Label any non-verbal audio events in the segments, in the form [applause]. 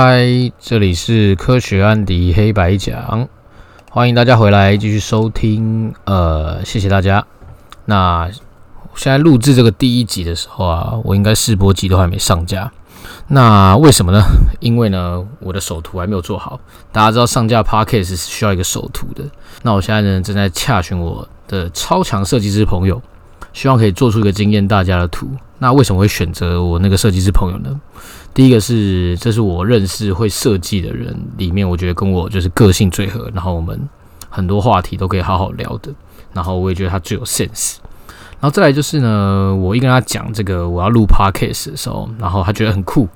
嗨，Hi, 這裡是科學安迪黑白講，歡迎大家回來繼續收聽。呃，謝謝大家。那我現在錄製這個第一集的時候啊，我應該試播集都還沒上架。那為什麼呢？因為呢，我的首圖還沒有做好。大家知道上架 Podcast 是需要一個首圖的。那我現在呢，正在洽詢我的超強設計師朋友，希望可以做出一個驚豔大家的圖。那為什麼會選擇我那個設計師朋友呢？第一個是，這是我認識會設計的人裡面，我覺得跟我就是個性最合，然後我們很多話題都可以好好聊的。然後我也覺得他最有 sense。然後再來就是呢，我一跟他講這個我要錄 podcast 的時候，然後他覺得很酷，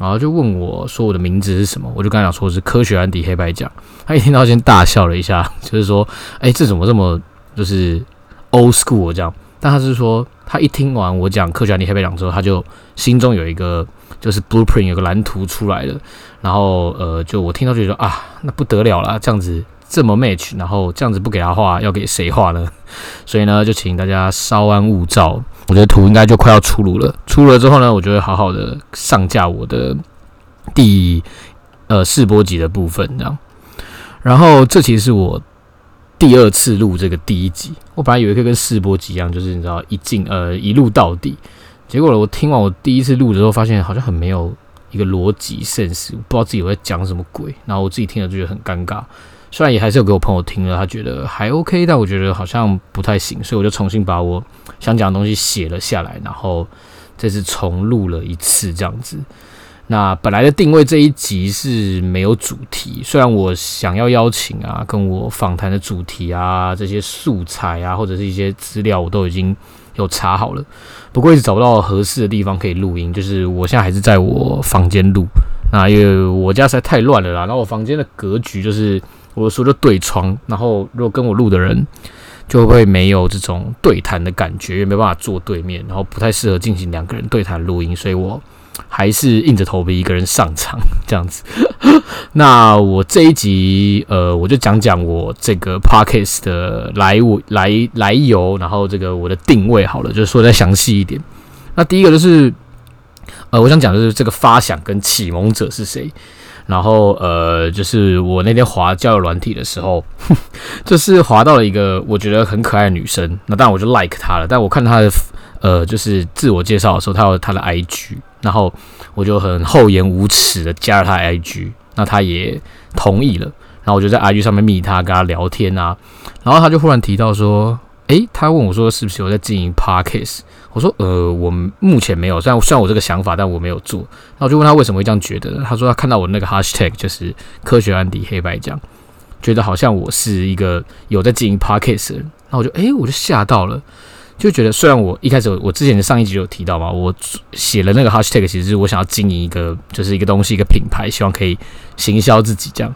然後就問我說我的名字是什麼？我就跟他講說是科學安迪黑白講。他一聽到先大笑了一下，就是說：“哎、欸，這怎麼這麼就是 old school 這樣？”但他是說，他一聽完我講科學安迪黑白講之後，他就心中有一個。就是 blueprint 有個藍圖出來的，然後呃，就我聽到就說啊，那不得了啦，這樣子這麼 match，然後這樣子不給他畫，要給誰畫呢？所以呢，就請大家稍安勿躁，我覺得圖應該就快要出爐了。出爐了之後呢，我就會好好的上架我的第呃試播集的部分，這樣。然後這其實是我第二次錄這個第一集，我本來以為可以跟試播集一樣，就是你知道一進呃一路到底。結果我聽完我第一次錄的時候，發現好像很沒有一個邏輯，甚 e 我不知道自己在講什麼鬼。然後我自己聽了就覺得很尷尬，雖然也還是有給我朋友聽了，他覺得還 OK，但我覺得好像不太行，所以我就重新把我想講的東西寫了下來，然後這次重錄了一次這樣子。那本來的定位這一集是沒有主題，雖然我想要邀請啊，跟我訪談的主題啊，這些素材啊，或者是一些資料，我都已經。有查好了，不過一直找不到合適的地方可以錄音，就是我現在還是在我房間錄。然後因為我家實在太亂了啦，然後我房間的格局就是我說的對窗，然後如果跟我錄的人就會沒有這種對談的感覺，也沒辦法坐對面，然後不太適合進行兩個人對談錄音，所以我，還是硬着頭皮一個人，上場這樣子。那我這一集，呃，我就講講我這個 podcast 的來我來來由，然後這個我的定位好了，就是說再詳細一點。那第一個就是，呃，我想講就是這個發想跟啟蒙者是誰？然後，呃，就是我那天滑交友軟體的時候，就是滑到了一個我覺得很可愛的女生。那當然我就 like 她了。但我看她的，呃，就是自我介紹的時候，她有她的 IG。然後我就很厚顏無恥的加了他 IG，那他也同意了。然後我就在 IG 上面密他，跟他聊天啊。然後他就忽然提到說：“誒、欸，他問我說是不是有在經營 Podcast？” 我說：“呃，我目前沒有。雖然雖然我這個想法，但我沒有做。”然後我就問他為什麼會這樣覺得？他說他看到我那個 Hashtag 就是“科學安迪黑白講”，覺得好像我是一個有在經營 Podcast 的人。然後我就誒、欸，我就嚇到了。就覺得，雖然我一開始我之前的上一集有提到嘛，我寫了那個 hashtag，其實是我想要經營一個，就是一個東西一個品牌，希望可以行銷自己這樣。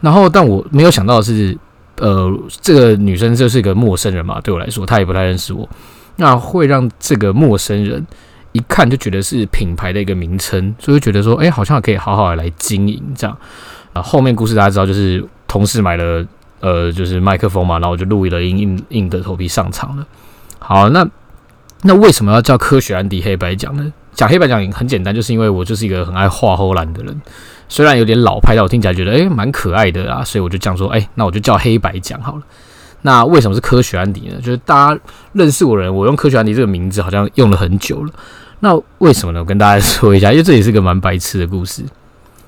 然後，但我沒有想到的是，呃，這個女生就是一個陌生人嘛，對我來說，她也不太認識我。那會讓這個陌生人一看就覺得是品牌的一個名稱，所以就覺得說，哎，好像可以好好的來，來經營這樣。啊，後面故事大家知道，就是同事買了呃，就是麥克風嘛，然後我就錄了硬硬硬著頭皮上場了。好，那那為什麼要叫科學安迪黑白講呢？講黑白講很簡單，就是因為我就是一個很愛畫唬爛的人，雖然有點老派，但我聽起來覺得哎蠻、欸、可愛的啊，所以我就這樣說，哎、欸，那我就叫黑白講好了。那為什麼是科學安迪呢？就是大家認識我的人，我用科學安迪這個名字好像用了很久了。那為什麼呢？我跟大家說一下，因為這也是個蠻白痴的故事。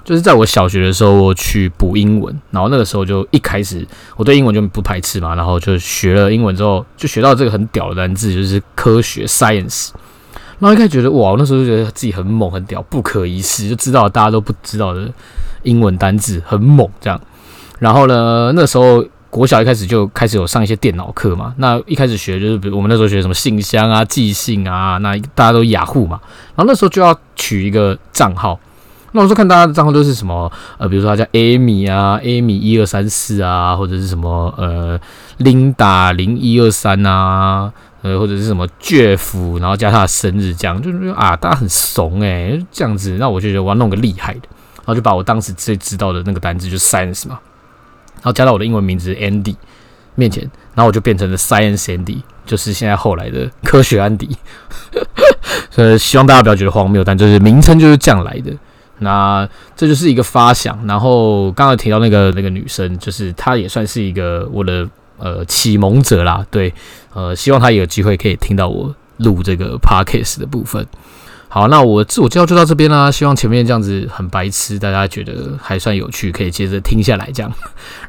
就是在我小學的時候，我去補英文，然後那個時候就一開始我對英文就不排斥嘛，然後就學了英文之後，就學到這個很屌的單詞，就是科學 Science。然後一開始覺得哇，我那時候就覺得自己很猛很屌，不可一世，就知道大家都不知道的英文單字很猛這樣。然後呢，那時候國小一開始就開始有上一些電腦課嘛，那一開始學就是比如我們那時候學什麼信箱啊、寄信啊，那大家都雅虎嘛，然後那時候就要取一個賬號。那我就看大家的賬號都是什麼呃，比如說他叫啊 Amy 啊，Amy 一二三四啊，或者是什麼呃 Linda 零一二三啊，呃或者是什麼 Jeff 然後加上他的生日這樣，就是啊大家很慫哎、欸、這樣子，那我就覺得我要弄個厲害的，然後就把我當時最知道的那個單字就是 science 嘛，然後加到我的英文名字 Andy 面前，然後我就變成了 Science Andy，就是現在後來的科學 Andy，呃 [laughs] 所以希望大家不要覺得荒謬，但就是名稱就是這樣來的。那這就是一個發想，然後剛剛提到那個那個女生，就是她也算是一個我的呃啟蒙者啦，對，呃，希望她也有機會可以聽到我錄這個 podcast 的部分。好，那我我自我介紹就到這邊啦、啊，希望前面這樣子很白痴，大家覺得還算有趣，可以接着聽下來這樣。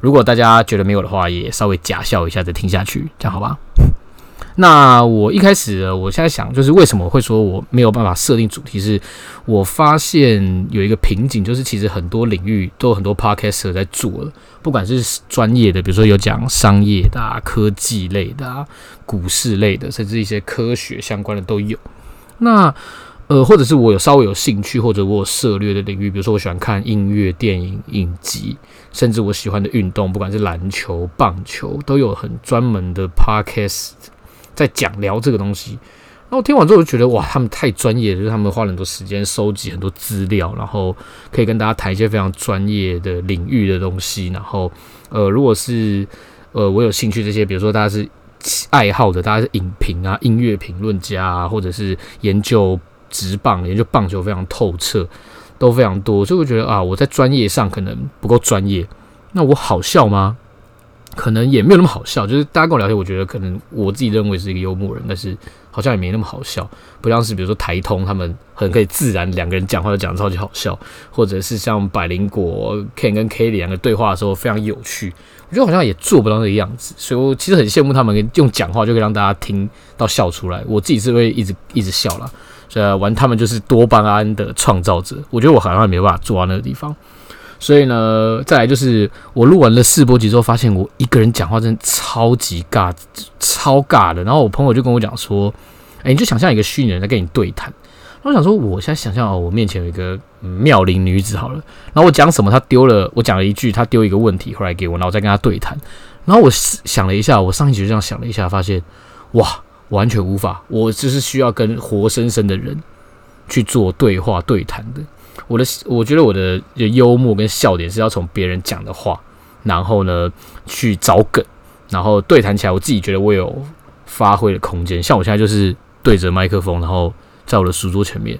如果大家覺得沒有的話，也稍微假笑一下再聽下去，這樣好吧？那我一開始，我現在想，就是為什麼會說我沒有辦法設定主題？是我發現有一個瓶頸，就是其實很多領域都有很多 podcaster 在做了，不管是專業的，比如說有講商業的、啊、科技類的、啊、股市類的，甚至一些科學相關的都有。那呃，或者是我有稍微有興趣，或者我有涉獵的領域，比如說我喜歡看音樂、電影影集，甚至我喜歡的運動，不管是籃球、棒球，都有很專門的 podcast。在講聊這個東西，然後聽完之後就覺得哇，他們太專業了，就是他們花了很多時間收集很多資料，然後可以跟大家談一些非常專業的領域的東西。然後，呃，如果是呃我有興趣這些，比如說大家是愛好的，大家是影評啊、音樂評論家啊，或者是研究職棒、研究棒球非常透徹，都非常多，所以我覺得啊，我在專業上可能不夠專業，那我好笑嗎？可能也沒有那麼好笑，就是大家跟我聊天，我覺得可能我自己認為是一個幽默人，但是好像也沒那麼好笑，不像是比如說台通他們很可以自然兩個人講話都講得超級好笑，或者是像百靈果 Ken 跟 Kelly 兩個對話的時候非常有趣，我覺得好像也做不到那個樣子，所以我其實很羨慕他們用講話就可以讓大家聽到笑出來，我自己是會一直一直笑啦，所以玩他們就是多巴胺的創造者，我覺得我好像也沒辦法做到那個地方。所以呢，再來就是我錄完了試播集之後，發現我一個人講話真的超級尬，超尬的。然後我朋友就跟我講說：“哎、欸，你就想象一個虛擬人在跟你對談。”我想說，我現在想象哦，我面前有一個、嗯、妙齡女子好了。然後我講什麼，她丟了；我講了一句，她丟一個問題回來給我，然後我再跟她對談。然後我想了一下，我上一集就這樣想了一下，發現哇，完全無法。我就是需要跟活生生的人去做對話對談的。我的我覺得我的我覺得幽默跟笑點是要從別人講的話，然後呢去找梗，然後對談起來，我自己覺得我有發揮的空間。像我現在就是對着麥克風，然後在我的書桌前面，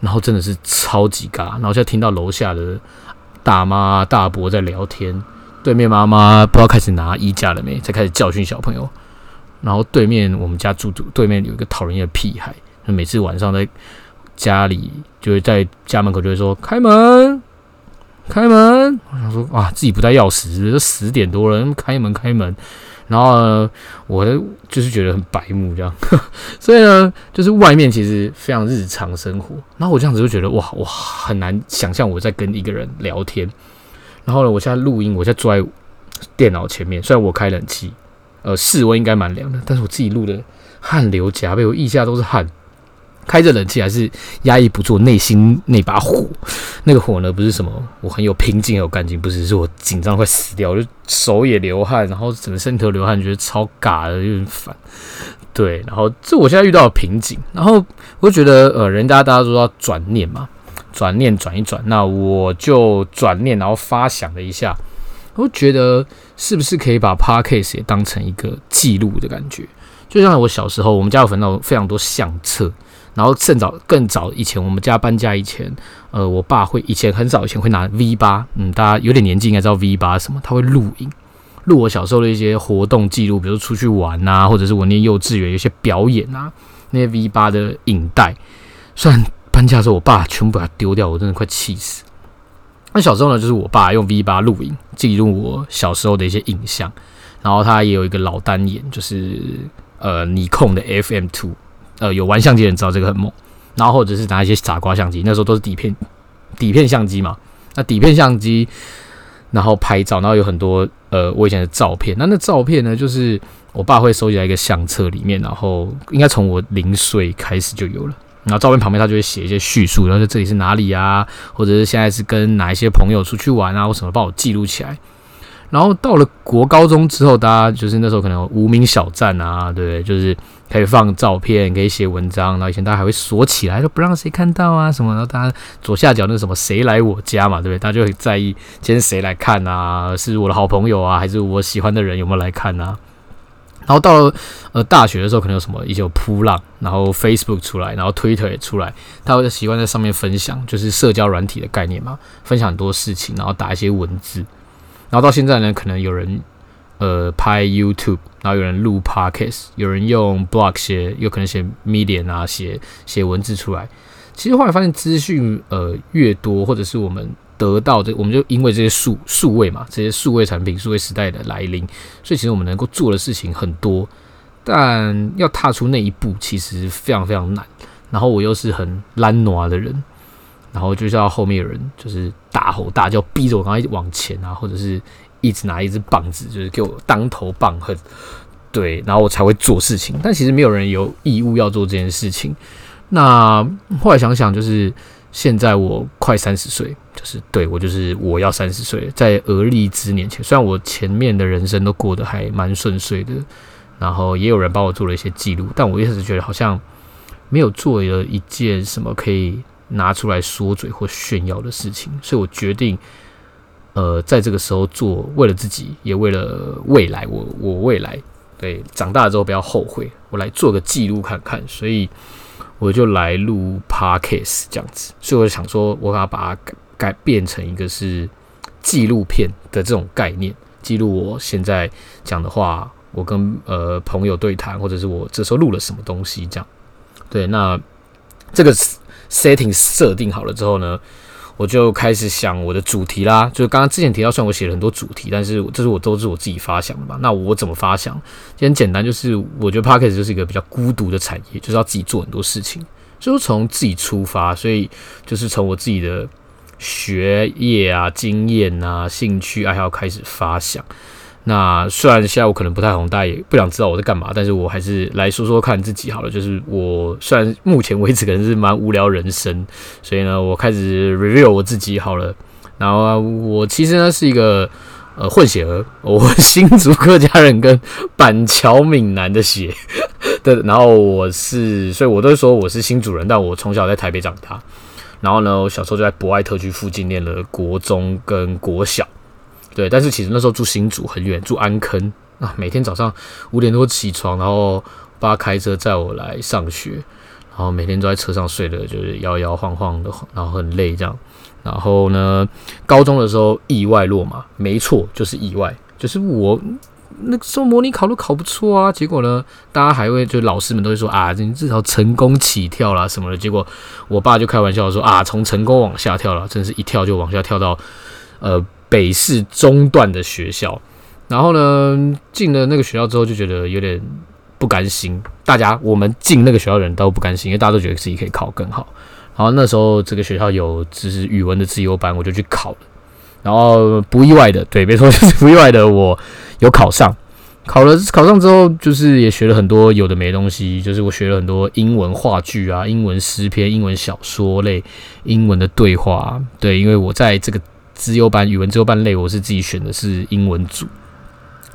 然後真的是超級尬。然後現在聽到樓下的大媽大伯在聊天，對面媽媽不知道開始拿衣架了沒，才開始教訓小朋友。然後對面我們家住對面有一個討人厭的屁孩，每次晚上在。家裡就是在家門口就會說，開門，開門。我想說哇、啊，自己不帶鑰匙，都十點多了，開門開門。然後呢我就是覺得很白目這樣，所以呢，就是外面其實非常日常生活。然後我這樣子就覺得哇，哇，我很難想象我在跟一個人聊天。然後呢，我現在錄音，我現在坐在電腦前面，雖然我開冷氣，呃，室溫應該蠻涼的，但是我自己錄的汗流浹背，我腋下都是汗。開着冷氣還是壓抑不住內心那把火，那個火呢不是什麼，我很有平靜，很有幹勁，不是，是我緊張快死掉，我就手也流汗，然後整個身體都流汗，覺得超尬的，有點煩。對，然後這我現在遇到瓶頸，然後我就覺得呃，人家大家都說要轉念嘛，轉念轉一轉，那我就轉念，然後發想了一下，我覺得是不是可以把 podcast 也當成一個記錄的感覺，就像我小時候，我們家有分到非常多相冊。然後甚早，更早以前，我們家搬家以前，呃，我爸會以前很早以前會拿 V8，嗯，大家有點年紀應該知道 V8 什麼，他會錄影，錄我小時候的一些活動記錄，比如出去玩啊，或者是我念幼稚園有些表演啊，那些 V8 的影帶。雖然搬家的時候，我爸全部把它丟掉，我真的快氣死。那小時候呢，就是我爸用 V8 錄影記錄我小時候的一些影像，然後他也有一個老單眼，就是呃尼康的 FM2。呃，有玩相機的人知道這個很猛，然後或者是拿一些傻瓜相機，那時候都是底片、底片相機嘛。那底片相機，然後拍照，然後有很多呃，我以前的照片。那那照片呢，就是我爸會收集在一個相冊裡面，然後應該從我零歲開始就有了。然後照片旁邊他就會寫一些敘述，然後這裡是哪裡啊，或者是現在是跟哪一些朋友出去玩啊，或什麼，幫我記錄起來。然後到了國高中之後，大家就是那時候可能有無名小站啊，對不對？就是可以放照片，可以寫文章。然後以前大家還會鎖起來，就不讓誰看到啊什麼。然後大家左下角那什麼誰來我家嘛，對不對？大家就會在意今天誰來看啊，是我的好朋友啊，還是我喜歡的人有沒有來看啊？然後到了呃大學的時候，可能有什麼一些有噗浪，然後 Facebook 出來，然後 Twitter 也出來，大家會習慣在上面分享，就是社交軟體的概念嘛，分享很多事情，然後打一些文字。然後到現在呢，可能有人呃拍 YouTube，然後有人錄 Podcast，有人用 blog 寫，有可能寫 Medium 啊寫寫文字出來。其實後來發現資訊呃越多，或者是我們得到的，我們就因為這些數數位嘛，這些數位產品，數位時代的來臨，所以其實我們能夠做的事情很多，但要踏出那一步其實非常非常難。然後我又是很懶惰的人。然後就叫後面有人就是大吼大叫，逼着我剛才往前啊，或者是一直拿一只棒子，就是給我當頭棒喝。對，然後我才會做事情。但其實沒有人有義務要做這件事情。那後來想想，就是現在我快三十歲，就是對，我就是我要三十歲，在而立之年前。雖然我前面的人生都過得還蠻順遂的，然後也有人幫我做了一些記錄，但我一直覺得好像沒有做了一件什麼可以。拿出來說嘴或炫耀的事情，所以我決定，呃，在這個時候做，為了自己，也為了未來，我我未來對長大之後不要後悔，我來做個記錄看看，所以我就來錄 Podcast 這樣子，所以我想說，我要把它改，改變成一個是紀錄片的這種概念，記錄我現在講的話，我跟呃朋友對談，或者是我這時候錄了什麼東西這樣，對，那這個 Settings 設定好了之後呢，我就開始想我的主題啦。就是剛剛之前提到，雖然我寫了很多主題，但是這是我都是我自己發想的嘛。那我怎麼發想？很簡單，就是我覺得 Podcast 就是一個比較孤獨的產業，就是要自己做很多事情，就是從自己出發。所以就是從我自己的學業啊、經驗啊、興趣啊、愛好開始發想。那雖然現在可能不太紅，大家也不想知道我在幹嘛，但是我還是來說說看自己好了。就是我雖然目前為止可能是蠻無聊人生，所以呢，我開始 review 我自己好了。然後啊，我其實呢是一個呃，混血兒，我新竹客家人跟板橋閩南的血，對，然後我是，所以我都說我是新竹人，但我從小在台北長大。然後呢，我小時候就在博愛特區附近念了國中跟國小。對，但是其實那時候住新竹很遠，住安坑啊，每天早上五點多起床，然後爸開車載我來上學，然後每天都在車上睡的，就是搖搖晃晃的，然後很累這樣。然後呢，高中的時候意外落馬，沒錯，就是意外，就是我那個時候模擬考都考不錯啊，結果呢，大家還會就老師們都會說啊，你至少成功起跳啦什麼的，結果我爸就開玩笑說啊，從成功往下跳了，真是一跳就往下跳到呃。北市中段的學校，然後呢，進了那個學校之後就覺得有點不甘心。大家，我們進那個學校的人都不甘心，因為大家都覺得自己可以考更好。然後那時候這個學校有就是語文的資優班，我就去考了。然後不意外的，對，沒錯，就是不意外的，我有考上。考了考上之後，就是也學了很多有的沒的東西，就是我學了很多英文話劇啊，英文詩篇，英文小說類，英文的對話。對，因為我在這個。資優班，語文資優班類，我是自己選的，是英文組。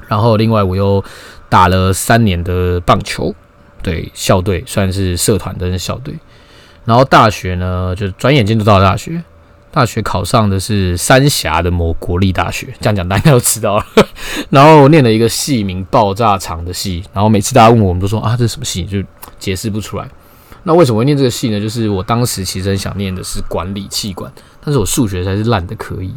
然後另外我又打了三年的棒球，對校隊，算是社團的校隊。然後大學呢，就轉眼間就到了大學。大學考上的是三峽的某國立大學，這樣講大家都知道了。然後我念了一個系名《爆炸場》的系。然後每次大家問我，我們，都說啊，這是什麼系？就解釋不出來。那為什麼會念這個系呢？就是我當時其實很想念的是管理器官。但是我數學才是爛的可以，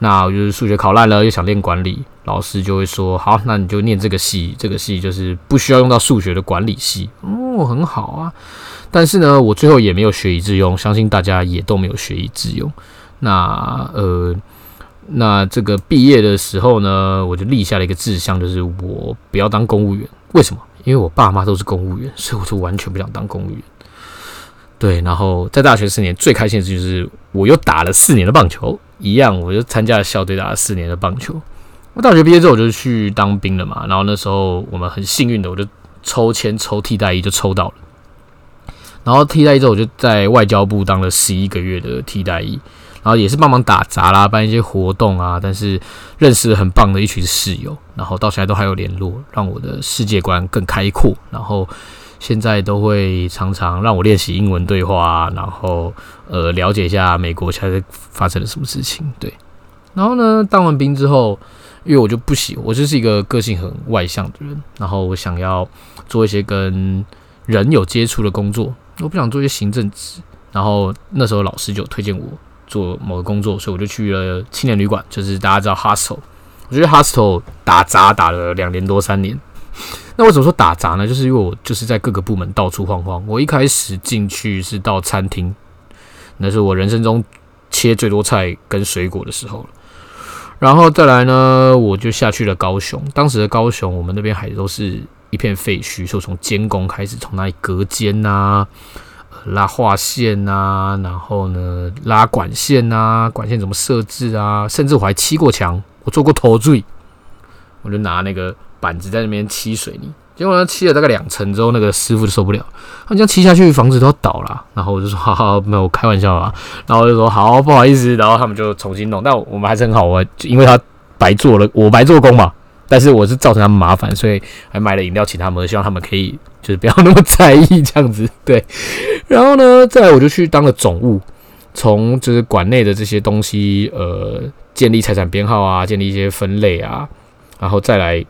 那我就是數學考爛了，又想念管理，老師就會說：好，那你就念這個系，這個系就是不需要用到數學的管理系，哦、嗯，很好啊。但是呢，我最後也沒有學以致用，相信大家也都沒有學以致用。那呃，那這個畢業的時候呢，我就立下了一個志向，就是我不要當公務員。為什麼？因為我爸媽都是公務員，所以我就完全不想當公務員。對，然後在大學四年最開心的是就是我又打了四年的棒球，一樣，我就參加了校隊打了四年的棒球。我大學畢業之後我就去當兵了嘛，然後那時候我們很幸運的，我就抽籤抽替代役，就抽到了，然後替代役之後我就在外交部當了十一個月的替代役，然後也是幫忙打雜啦，辦一些活動啊，但是認識了很棒的一群室友，然後到現在都還有聯絡，讓我的世界觀更開闊，然後。現在都會常常讓我練習英文對話，啊，然後呃，了解一下美國現在發生了什麼事情。對，然後呢，當完兵之後，因為我就不喜，我就是一個個性很外向的人，然後我想要做一些跟人有接觸的工作，我不想做一些行政職。然後那時候老師就推薦我做某個工作，所以我就去了青年旅館，就是大家知道 hostel。我覺得 hostel 打雜打了兩年多三年。那為什麼說打雜呢？就是因為我就是在各個部門到處晃晃。我一開始進去是到餐廳，那是我人生中切最多菜跟水果的時候了。然後再來呢，我就下去了高雄。當時的高雄，我們那邊還是都是一片廢墟，所以從監工開始，從那裡隔間啊、拉畫線啊，然後呢拉管線啊，管線怎麼設置啊，甚至我還漆過牆，我做過頭墜，我就拿那個。板子在那邊砌水泥，結果呢砌了大概兩層之後，那個師傅就受不了，他們這樣砌下去房子都倒了。然後我就說：哈哈，沒有開玩笑了啦。然後我就說：好，不好意思。然後他們就重新弄，但我們還是很好玩，就因為他白做了，我白做工嘛。但是我是造成他們麻煩，所以還買了飲料請他們，希望他們可以就是不要那麼在意這樣子。對。然後呢，再來我就去當了總務，從就是館內的這些東西，呃，建立財產編號啊，建立一些分類啊，然後再來。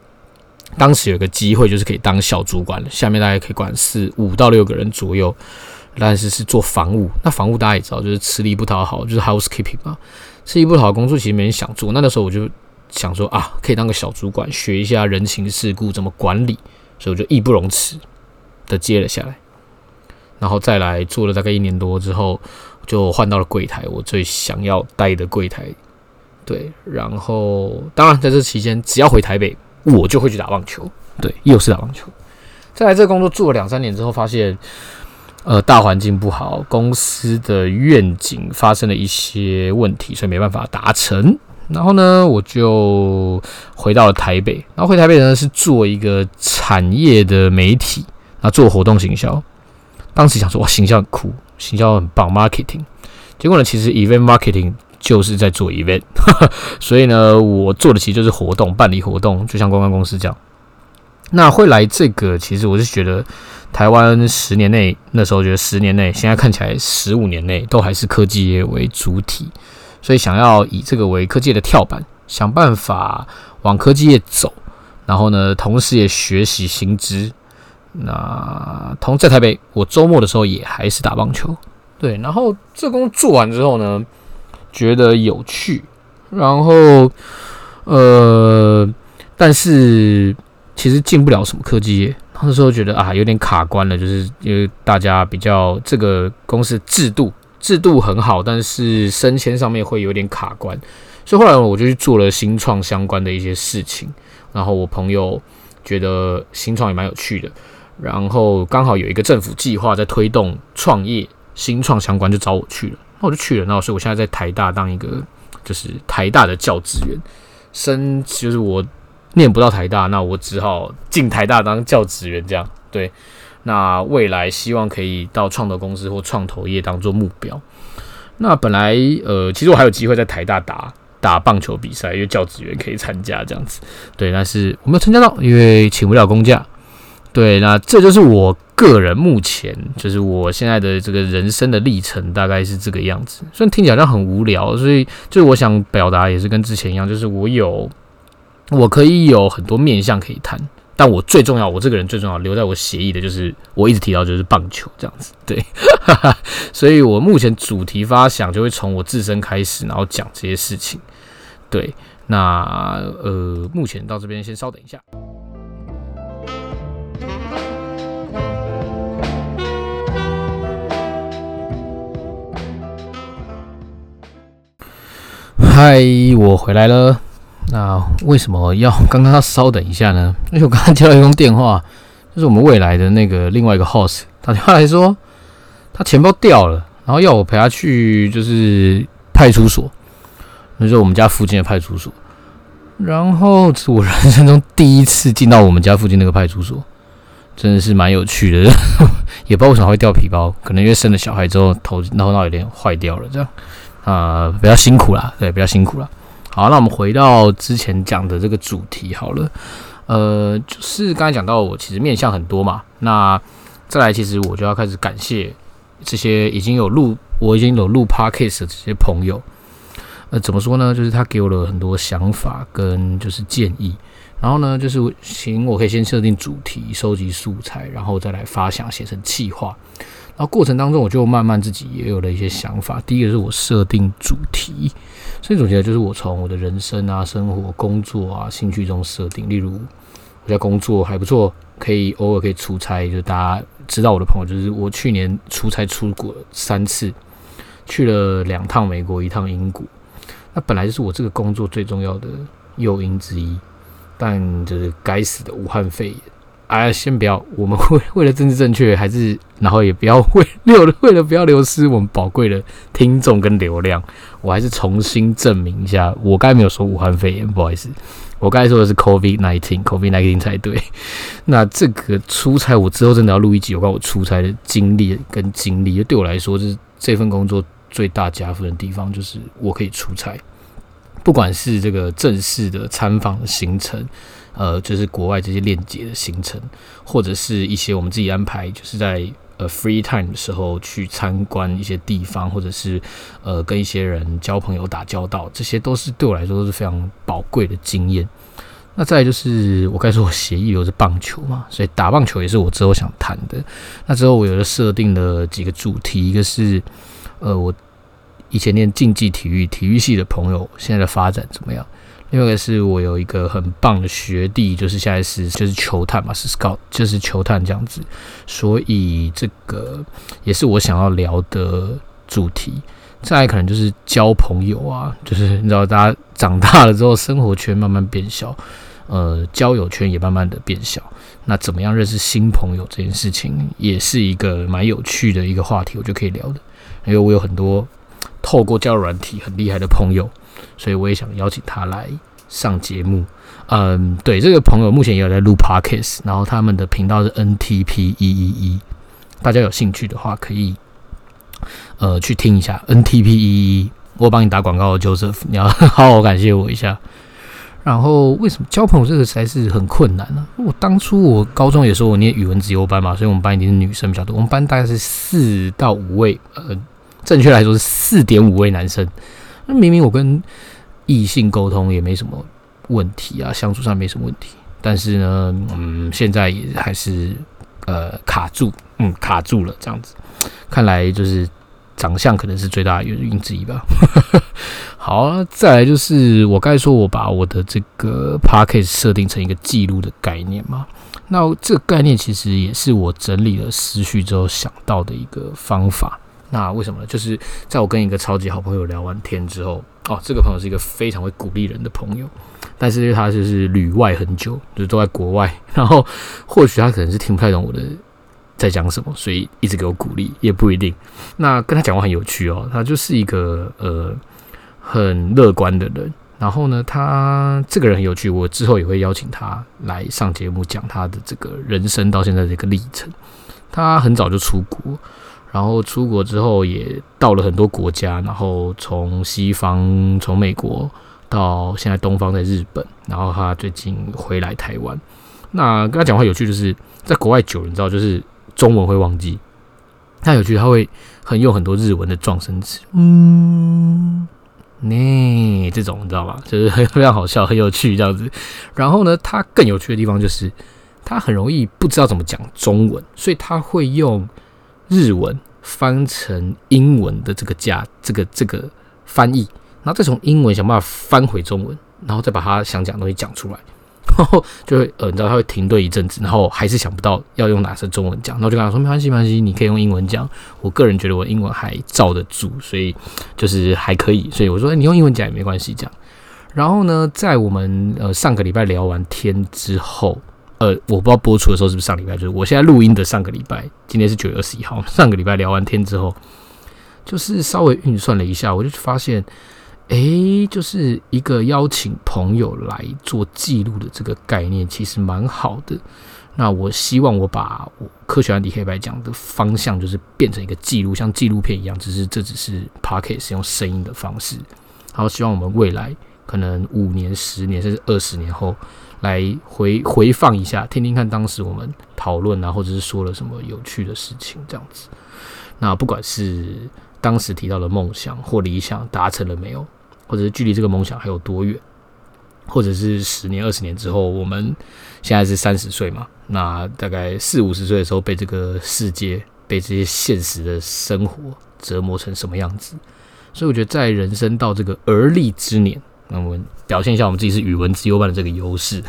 當時有個機會，就是可以當小主管了。下面大家可以管是五到六個人左右，但是是做房屋。那房屋大家也知道，就是吃力不討好，就是 housekeeping 啊，吃力不討好工作，其實沒人想做。那的時候我就想說啊，可以當個小主管，學一下人情世故，怎麼管理，所以我就義不容辭的接了下來。然後再來做了大概一年多之後，就換到了櫃台，我最想要待的櫃台。對，然後當然在這期間，只要回台北。我就會去打棒球，對，又是打棒球。再來，這個工作做了兩三年之後，發現，呃，大環境不好，公司的願景發生了一些問題，所以沒辦法達成。然後呢，我就回到了台北。然後回台北呢，是做一個產業的媒體，啊，做活動行銷。當時想說，哇，行銷很酷，行銷很棒，marketing。結果呢，其實 event marketing。就是在做 event， [laughs] 所以呢，我做的其實就是活動辦理活動，就像公關公司這樣。那會來這個，其實我是覺得台，台灣十年內那時候覺得十年內，現在看起來十五年內都還是科技業為主體，所以想要以這個為科技業的跳板，想辦法往科技業走。然後呢，同時也學習新知。那同在台北，我周末的時候也還是打棒球。對，然後這工作做完之後呢，覺得有趣，然後，呃，但是其實進不了什麼科技業。那時候覺得啊，有點卡關了，就是因為大家比較這個公司制度制度很好，但是升遷上面會有點卡關。所以後來我就去做了新創相關的一些事情。然後我朋友覺得新創也蠻有趣的，然後剛好有一個政府計劃在推動創業新創相關，就找我去了。我就去了，那所以我現在在台大當一個就是台大的教職員，升就是我念不到台大，那我只好進台大當教職員，這樣對。那未來希望可以到創投公司或創投業當做目標。那本來呃，其實我還有機會在台大打打棒球比賽，因為教職員可以參加這樣子，對，但是我沒有參加到，因為請不了公假。對，那這就是我個人目前，就是我現在的這個人生的歷程，大概是這個樣子。雖然聽起來好像很無聊，所以就是我想表達也是跟之前一樣，就是我有，我可以有很多面向可以談，但我最重要，我這個人最重要留在我協議的就是我一直提到就是棒球這樣子。對， [laughs] 所以我目前主題發想就會從我自身開始，然後講這些事情。對，那呃，目前到這邊先稍等一下。嗨，Hi, 我回來了。那為什麼要剛剛要稍等一下呢？因為我剛剛接到一通電話，就是我們未來的那個另外一個 host 打電話來說，他錢包掉了，然後要我陪他去就是派出所，就是我們家附近的派出所。然後是我人生中第一次進到我們家附近那個派出所，真的是蠻有趣的呵呵。也不知道為什麼會掉皮包，可能因為生了小孩之後頭腦腦有點壞掉了這樣。啊、呃，比較辛苦啦，對，比較辛苦啦。好，那我們回到之前講的這個主題好了。呃，就是剛才講到我其實面向很多嘛，那再來其實我就要開始感謝這些已經有錄我已經有錄 podcast 的這些朋友。呃，怎麼說呢？就是他給我了很多想法跟就是建議。然後呢，就是行我可以先設定主題，收集素材，然後再來發想，寫成企劃。然後過程當中，我就慢慢自己也有了一些想法。第一個是我設定主題，所以主題就是我從我的人生啊、生活、工作啊、興趣中設定。例如我在工作還不錯，可以偶爾可以出差。就是大家知道我的朋友，就是我去年出差出國了三次，去了兩趟美國，一趟英國。那本來就是我這個工作最重要的誘因之一，但就是該死的武漢肺炎。大家先不要，我們會為了政治正確，還是然後也不要為了為了不要流失我們寶貴的聽眾跟流量，我還是重新證明一下，我剛才沒有說武漢肺炎，不好意思，我剛才說的是 COVID nineteen，COVID nineteen 才對。那這個出差，我之後真的要錄一集有關我出差的經歷跟經歷。對我來說，就是這份工作最大加分的地方，就是我可以出差，不管是這個正式的參訪行程。呃，就是國外這些鏈接的行程，或者是一些我們自己安排，就是在呃 free time 的時候去參觀一些地方，或者是呃跟一些人交朋友、打交道，這些都是對我來說都是非常寶貴的經驗。那再來就是，我剛才說我協議留是棒球嘛，所以打棒球也是我之後想談的。那之後我有的設定了幾個主題，一個是呃我以前練競技體育、體育系的朋友現在的發展怎麼樣？因為是我有一個很棒的學弟，就是現在是就是球探嘛，是 Scout 就是球探這樣子，所以這個也是我想要聊的主題。再來可能就是交朋友啊，就是你知道大家長大了之後，生活圈慢慢變小，呃，交友圈也慢慢的變小，那怎麼樣認識新朋友這件事情，也是一個蠻有趣的一個話題，我就可以聊的，因為我有很多透過交友軟體很厲害的朋友。所以我也想邀請他來上節目。嗯，對，這個朋友目前也有在錄 Podcast，然後他們的頻道是 ntp 一一一，T P e e e, 大家有興趣的話可以呃去聽一下 ntp 一一一。N T P e e, 我幫你打廣告，Joseph，你要好好感謝我一下。然後為什麼交朋友這個實在是很困難呢、啊？我當初我高中也是我念語文資優班嘛，所以我們班一定是女生比較多，我們班大概是四到五位，呃，正確來說是四點五位男生。那明明我跟異性溝通也沒什麼問題啊，相處上沒什麼問題，但是呢，嗯，現在也還是呃卡住，嗯，卡住了這樣子，看來就是長相可能是最大的原因之一吧。哈哈哈，好，再來就是我剛才說，我把我的這個 podcast 設定成一個記錄的概念嘛，那這個概念其實也是我整理了思緒之後想到的一個方法。那為什麼呢？就是在我跟一個超級好朋友聊完天之後，哦，這個朋友是一個非常會鼓勵人的朋友，但是因為他就是旅外很久，就是都在國外，然後或許他可能是聽不太懂我的在講什麼，所以一直給我鼓勵也不一定。那跟他講話很有趣哦，他就是一個呃很樂觀的人，然後呢，他這個人很有趣，我之後也會邀請他來上節目講他的這個人生到現在的一個歷程。他很早就出國。然後出國之後也到了很多國家，然後從西方，從美國到現在東方在日本，然後他最近回來台灣。那跟他講話有趣，就是在國外久了，你知道，就是中文會忘記。他有趣，他會很用很多日文的狀聲詞，嗯，那這種你知道吧？就是非常好笑，很有趣這樣子。然後呢，他更有趣的地方就是他很容易不知道怎麼講中文，所以他會用。日文翻成英文的這個家，這個這個翻譯，然後再從英文想辦法翻回中文，然後再把它想講的東西講出來，然後就會呃，你知道他會停頓一陣子，然後還是想不到要用哪些中文講，然後我就跟他說沒關係，沒關係，你可以用英文講。我個人覺得我英文還罩得住，所以就是還可以，所以我說你用英文講也沒關係這樣。然後呢，在我們呃上個禮拜聊完天之後。呃，我不知道播出的時候是不是上禮拜，就是我現在錄音的上個禮拜。今天是九月二十一號，上個禮拜聊完天之後，就是稍微運算了一下，我就發現，哎、欸，就是一個邀請朋友來做記錄的這個概念，其實蠻好的。那我希望我把我科學安迪黑白講的方向，就是變成一個記錄，像紀錄片一樣，只是這只是 podcast 用聲音的方式。好，希望我們未來可能五年、十年甚至二十年後。來回回放一下，聽聽看當時我們討論啊，或者是說了什麼有趣的事情，這樣子。那不管是當時提到的夢想或理想達成了沒有，或者是距離這個夢想還有多遠，或者是十年、二十年之後，我們現在是三十歲嘛，那大概四五十歲的時候，被這個世界、被這些現實的生活折磨成什麼樣子？所以我覺得，在人生到這個而立之年。那我們表現一下我們自己是語文資優班的這個優勢，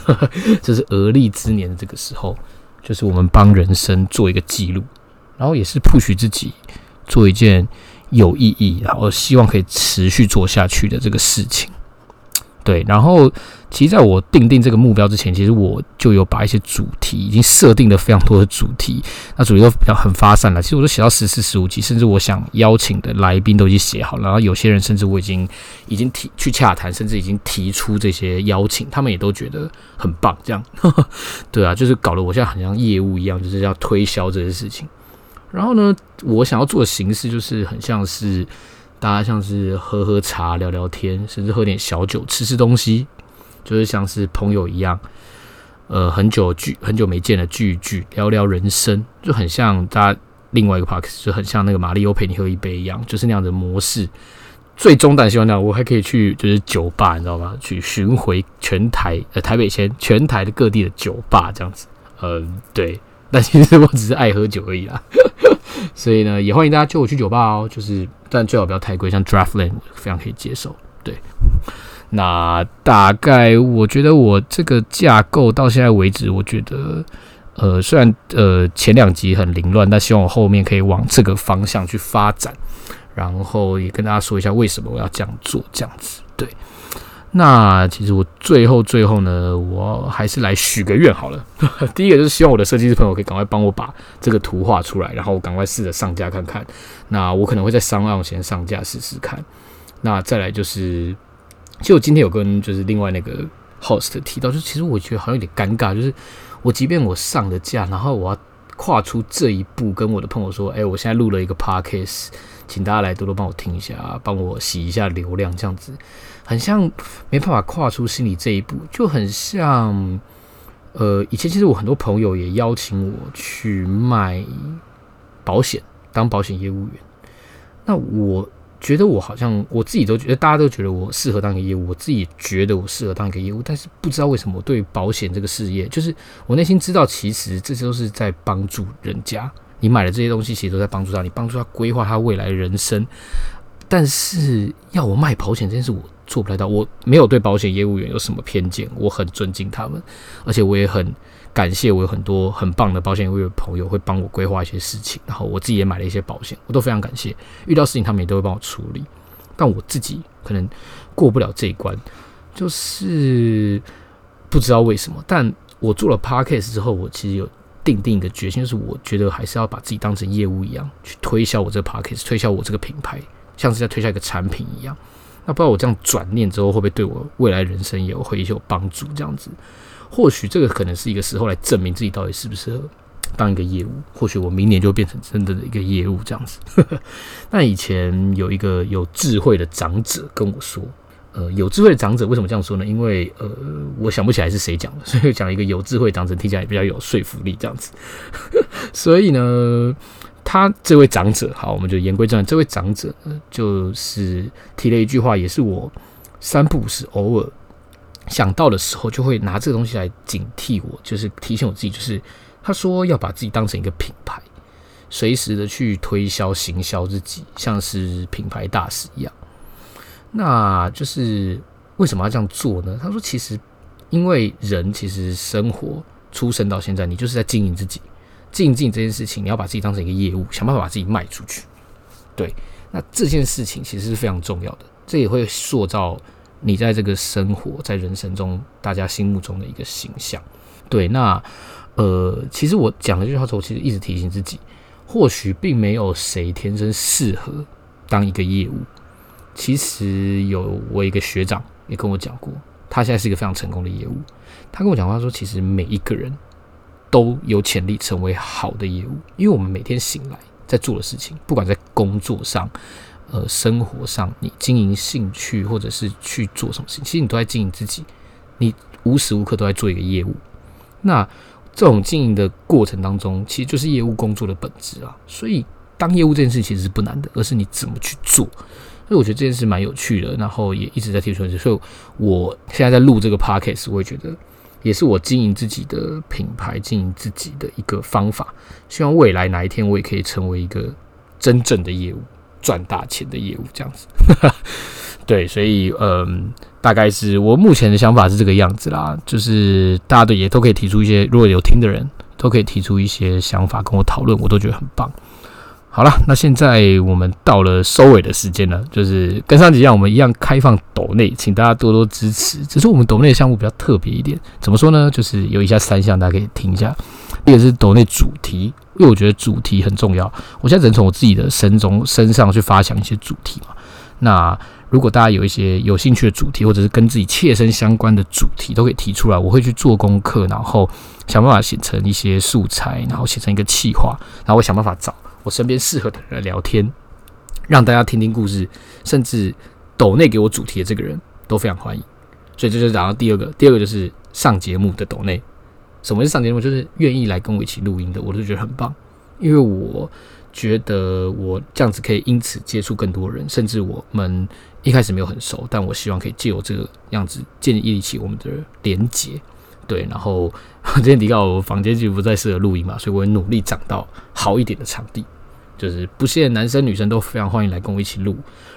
這是而立之年的這個時候，就是我們幫人生做一個記錄，然後也是 push 自己做一件有意義，然後希望可以持續做下去的這個事情。對，然後其實在我定定這個目標之前，其實我就有把一些主題已經設定了非常多的主題，那主題都比較很發散了。其實我都寫到十四、十五集，甚至我想邀請的來賓都已經寫好了。然後有些人甚至我已經已經提去洽談，甚至已經提出這些邀請，他們也都覺得很棒。這樣呵呵，對啊，就是搞得我現在很像業務一樣，就是要推銷這些事情。然後呢，我想要做的形式就是很像是。大家像是喝喝茶，聊聊天，甚至喝點小酒，吃吃東西，就是像是朋友一樣，呃，很久聚很久沒見了，聚一聚，聊聊人生，就很像大家另外一個 park，就很像那個瑪利歐陪你喝一杯一樣，就是那樣的模式。最終但希望這樣，我還可以去就是酒吧，你知道嗎？去巡迴全台呃台北前全台的各地的酒吧這樣子。嗯、呃，對。但其實我只是愛喝酒而已啦。 [laughs] 所以呢，也歡迎大家叫我去酒吧哦，就是，但最好不要太貴，像 Draft Land 我非常可以接受。對，那大概我覺得我這個架構到現在為止，我覺得，呃，雖然呃前兩集很凌亂，但希望我後面可以往這個方向去發展，然後也跟大家說一下為什麼我要這樣做，這樣子，對。那其實我最後最後呢，我還是來許個願好了。 [laughs] 第一個就是希望我的設計師朋友可以趕快幫我把這個圖畫出來，然後我趕快試着上架看看。那我可能會在萬塊先上架試試看。那再來就是，其實我今天有跟就是另外那個 host 提到，就其實我覺得好像有點尷尬，就是我即便我上了架，然後我要跨出這一步，跟我的朋友說，哎、欸，我現在錄了一個 podcast，請大家來多多幫我聽一下，幫我洗一下流量，這樣子。很像沒辦法跨出心理這一步，就很像，呃，以前其實我很多朋友也邀請我去賣保險，當保險業務員。那我覺得我好像我自己都覺得，大家都覺得我適合當一個業務，我自己也覺得我適合當一個業務，但是不知道為什麼我對保險這個事業，就是我內心知道，其實這些都是在幫助人家。你買了這些東西，其實都在幫助他，你幫助他規劃他未來的人生。但是要我賣保險這件事，我做不太到。我沒有對保險業務員有什麼偏見，我很尊敬他們，而且我也很感謝，我有很多很棒的保險業務員朋友會幫我規劃一些事情，然後我自己也買了一些保險，我都非常感謝。遇到事情他們也都會幫我處理。但我自己可能過不了這一關，就是不知道為什麼。但我做了 podcast 之後，我其實有定定一個決心，就是我覺得還是要把自己當成業務一樣，去推銷我這個 podcast 推銷我這個品牌。像是在推銷一個產品一樣，那不知道我這樣轉念之後會不會對我未來人生也有會有幫助？這樣子，或許這個可能是一個時候來證明自己到底適不適合當一個業務。或許我明年就變成真正的一個業務這樣子。 [laughs] 那以前有一個有智慧的長者跟我說：“呃，有智慧的長者為什麼這樣說呢？因為呃，我想不起來是誰講的，所以講一個有智慧的長者聽起來也比較有說服力這樣子。 [laughs] 所以呢。”他這位長者，好，我們就言歸正傳。這位長者就是提了一句話，也是我三不五時偶爾想到的時候，就會拿這個東西來警惕我，就是提醒我自己。就是他說要把自己當成一個品牌，隨時的去推銷、行銷自己，像是品牌大使一樣。那就是為什麼要這樣做呢？他說，其實因為人其實生活出生到現在，你就是在經營自己。靜靜這件事情，你要把自己當成一個業務，想辦法把自己賣出去。對，那這件事情其實是非常重要的，這也會塑造你在這個生活、在人生中大家心目中的一個形象。對，那呃，其實我講的這句話的時候，其實一直提醒自己，或許並沒有誰天生適合當一個業務。其實有我一個學長也跟我講過，他現在是一個非常成功的業務。他跟我講，他說，其實每一個人。都有潛力成為好的業務，因為我們每天醒來在做的事情，不管在工作上、呃生活上，你經營興趣或者是去做什麼事情，其實你都在經營自己，你無時無刻都在做一個業務。那這種經營的過程當中，其實就是業務工作的本質啊。所以，當業務這件事其實是不難的，而是你怎麼去做。所以，我覺得這件事蠻有趣的，然後也一直在提出問題。所以，我現在在錄這個 podcast 我會覺得。也是我經營自己的品牌、經營自己的一個方法。希望未來哪一天我也可以成為一個真正的業務、賺大錢的業務這樣子。 [laughs] 對，所以嗯，大概是我目前的想法是這個樣子啦。就是大家也都可以提出一些，如果有聽的人都可以提出一些想法跟我討論，我都覺得很棒。好了，那現在我們到了收尾的時間了，就是跟上集一樣，我們一樣開放抖內，請大家多多支持。只是我們抖內的項目比較特別一點，怎麼說呢？就是有以下三項，大家可以聽一下。一個是抖內主題，因為我覺得主題很重要。我現在只能從我自己的身中身上去發想一些主題嘛。那如果大家有一些有興趣的主題，或者是跟自己切身相關的主題，都可以提出來，我會去做功課，然後想辦法寫成一些素材，然後寫成一個企劃，然後我想辦法找。我身邊適合的人來聊天，讓大家聽聽故事，甚至抖內給我主題的這個人，都非常歡迎。所以，這就是然後第二個，第二個就是上節目的抖內。什麼是上節目？就是願意來跟我一起錄音的，我就覺得很棒，因為我覺得我這樣子可以因此接觸更多人，甚至我們一開始沒有很熟，但我希望可以借由這個樣子建立一起我們的連接。對，然後今天提到房間就不再適合錄音嘛，所以我會努力找到好一點的場地。就是不限男生女生都非常歡迎來跟我一起錄，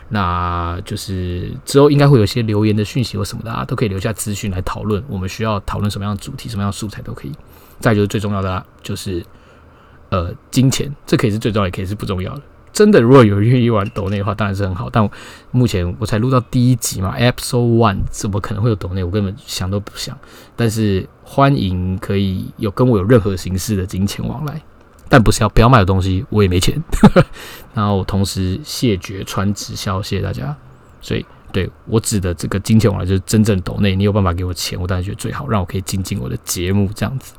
那就是之後應該會有一些留言的訊息或什麼的，啊，都可以留下資訊來討論，我們需要討論什麼樣的主題、什麼樣的素材都可以。再就是最重要的、啊，就是呃金錢，這可以是最重要，也可以是不重要的。真的如果有願意玩抖內的話，當然是很好。但我目前我才錄到第一集嘛 Episode One，怎麼可能會有抖內？我根本想都不想。但是歡迎可以有跟我有任何形式的金錢往來。但不是要不要賣的東西，我也沒錢。然 [laughs] 後同時謝絕穿直銷，謝謝大家。所以對我指的這個金錢往來就是真正抖內，你有辦法給我錢，我當然覺得最好，讓我可以進進我的節目這樣子。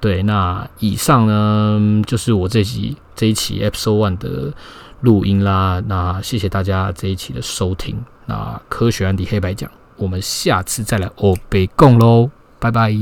對，那以上呢就是我這一集這一期 episode one 的錄音啦。那謝謝大家這一期的收聽。那科學安迪黑白講，我們下次再來歐北共囉，拜拜。